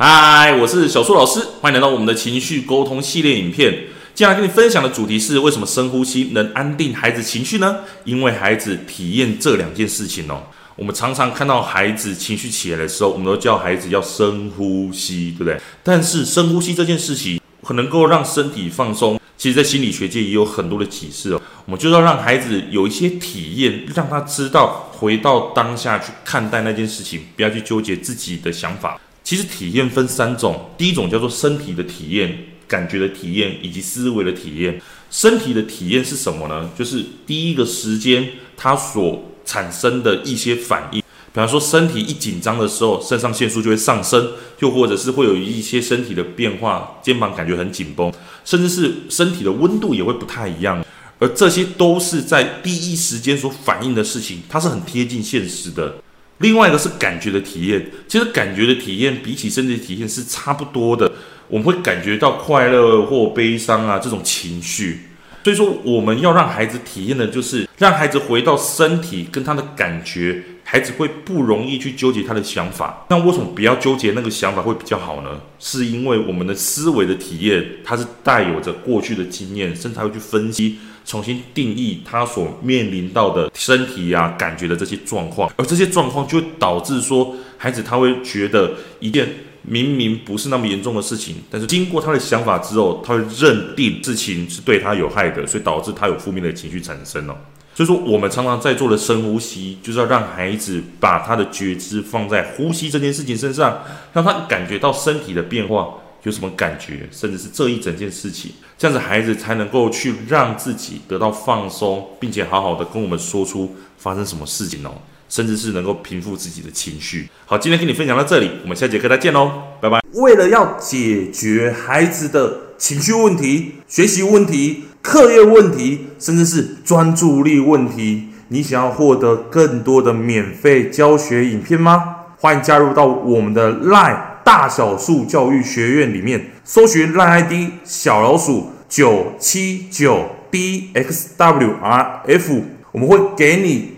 嗨，我是小樹老師，歡迎來到我們的情緒溝通系列影片。接下來跟你分享的主題是為什麼深呼吸能安定孩子情緒呢？因為孩子體驗這兩件事情哦。我們常常看到孩子情緒起來的時候，我們都叫孩子要深呼吸，對不對？但是深呼吸這件事情，很能夠讓身體放鬆。其實，在心理學界也有很多的啟示哦。我們就是要讓孩子有一些體驗，讓他知道回到當下去看待那件事情，不要去糾結自己的想法。其實體驗分三種，第一種叫做身體的體驗、感覺的體驗以及思維的體驗。身體的體驗是什麼呢？就是第一個時間它所產生的一些反應，比方說身體一緊張的時候，腎上腺素就會上升，又或者是會有一些身體的變化，肩膀感覺很緊繃，甚至是身體的溫度也會不太一樣。而這些都是在第一時間所反應的事情，它是很貼近現實的。另外一個是感覺的體驗，其實感覺的體驗比起身體體驗是差不多的，我們會感覺到快樂或悲傷啊，這種情緒。所以說，我們要讓孩子體驗的，就是讓孩子回到身體跟他的感覺，孩子會不容易去糾結他的想法。那為什麼不要糾結那個想法會比較好呢？是因為我們的思維的體驗，它是帶有着過去的經驗，甚至他會去分析、重新定義他所面臨到的身體啊、感覺的這些狀況，而這些狀況就會導致說，孩子他會覺得一件。明明不是那麼嚴重的事情，但是經過他的想法之後，他會認定事情是對他有害的，所以導致他有負面的情緒產生哦。所以說，我們常常在做的深呼吸，就是要讓孩子把他的覺知放在呼吸這件事情身上，讓他感覺到身體的變化，有什麼感覺，甚至是這一整件事情，這樣子孩子才能夠去讓自己得到放鬆，並且好好的跟我們說出發生什麼事情哦。甚至是能夠平復自己的情緒。好，今天跟你分享到這裡，我們下節課再見嘍，拜拜。為了要解決孩子的情緒問題、學習問題、課業問題，甚至是專注力問題，你想要獲得更多的免費教學影片嗎？歡迎加入到我們的 LINE 大小樹教育學院裡面，搜尋 LINE ID 小老鼠九七九 DXWRF，我們會給你。